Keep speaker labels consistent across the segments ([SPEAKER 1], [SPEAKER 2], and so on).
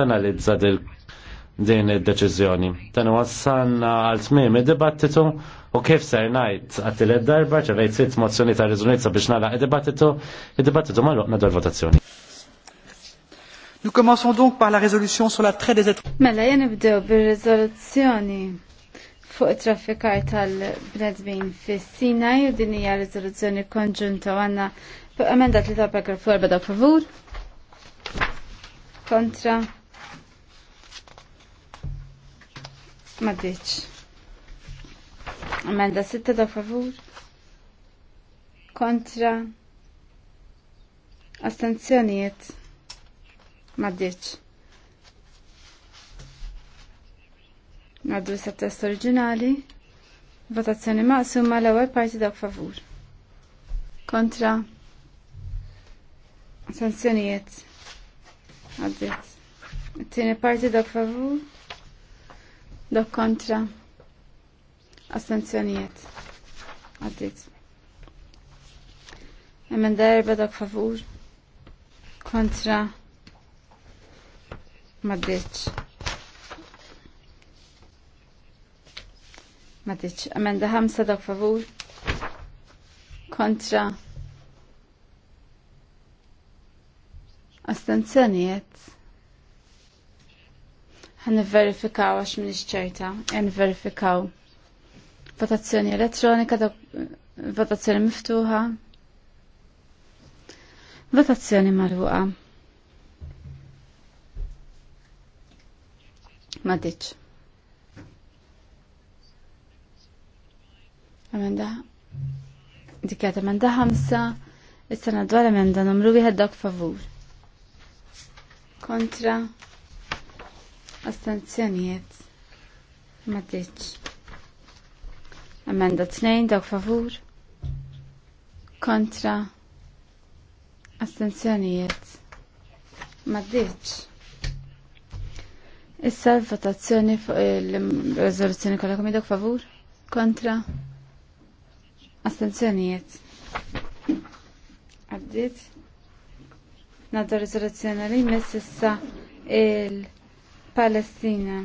[SPEAKER 1] tanalizza din id-deċiżjoni. Dan wassanna għal tmiem id-dibattitu u kif ser ngħid għattil id-darba ċerrejt sitt mozzjoni ta' riżunizza biex nagħlaq id-dibattitu, id-dibattitu ma' l votazzjoni. Nous commençons donc par la résolution sur la traite des êtres. Mela jien nibdew bir-riżoluzzjoni fuq it-traffikar tal-bnedmin fis-Sinaj u din hija riżoluzzjoni konġunta għandna emenda ta' pekar fuq da favur kontra Ma diċ. Amenda sitta da favur. Kontra. Astenzjoniet. Ma diċ. Naddu sa test oriġinali. Votazzjoni summa l-ewwel parti da favur. Kontra. Ma diċ. Tieni parti dak favur. Dok kontra. Astenzjonijiet. Għaddit. Emenda erba dok favur. Kontra. Maddiċ. Maddiċ. Emenda Hamsa dok favur. Kontra. Astenzjonijiet. Għan verifikaw għax minn ċerta, għan verifikaw. Votazzjoni elettronika, votazzjoni miftuħa. Votazzjoni marruqa. Ma diċ. Amenda. Dikjata amenda ħamsa. Issa nadwar amenda numru wieħed dak favur. Kontra. Astenzjonijiet. Ma tiċ. Amenda t-nejn dawk favur. Kontra. Astanzjoniet. Ma tiċ. Issa votazzjoni fuq il-rezoluzzjoni kolla komi dawk favur? Kontra? Astenzjonijiet. Għaddit? Nadda rezoluzzjoni li jmiss issa rezoluzzjoni Palestina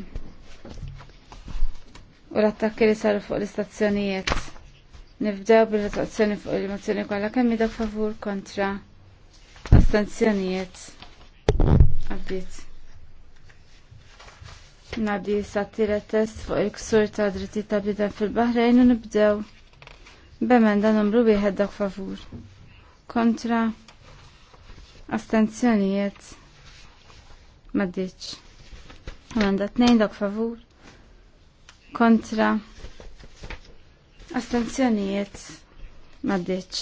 [SPEAKER 1] u l-attakki li saru fuq l-istazzjonijiet. Nibdew bil-votazzjoni fuq il-mozzjoni kollha kemm dak favur kontra astenzjonijiet. Nabdi s sattira test fuq il-ksur ta' dritti ta' bidan fil-Bahrejn u nibdew b'emenda numru wieħed dak favur. Kontra astenzjonijiet. Maddiċ. Emenda nejn dak favur kontra astenzjonijiet maddiċ.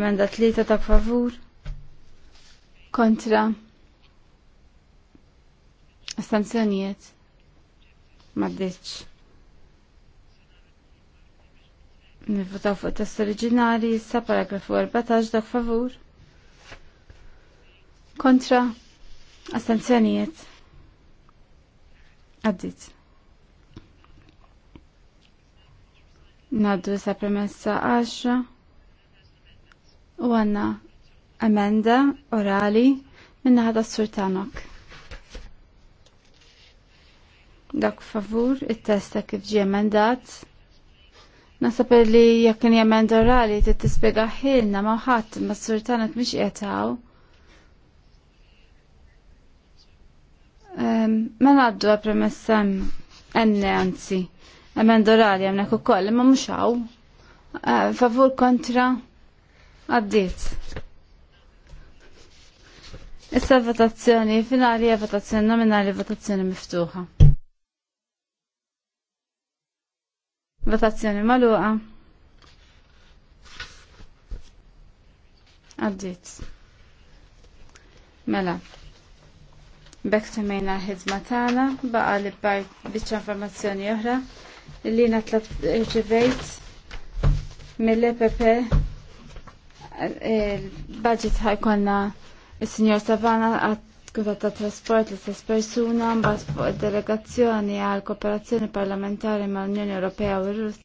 [SPEAKER 1] Emenda lita dak favur kontra astenzjonijiet maddiċ. Nivvotaw fuq test oriġinali, sa paragrafu 14 dak favur. Kontra astenzjonijiet Għaddit. Naddu sa premessa għaxa. u għanna emenda orali minna ħada s-surtanok. Dak favur it-testa kif ġie emendat. Nasab li jekk kien emenda orali tispiega ħilna ma ħadd ma s-surtanok mhix qed Ma ehm, mela naddu għapremessa premessa enne għanzi, emendorali għamnek u koll, ma muxaw. Eh, favur kontra għaddit. Issa votazzjoni finali votazzjoni nominali votazzjoni miftuħa. Votazzjoni maluqa. Għaddit. Mela. Bekk temmejna ħidma tagħna baqa li bajt biċċa informazzjoni oħra li jiena tlab irċivejt mill-EPP eh, il-budget konna il-Sinjor Savana għat kutat ta' trasport l-istess persuna mbagħad fuq id-delegazzjoni għal kooperazzjoni parlamentari mal-Unjoni Ewropea u r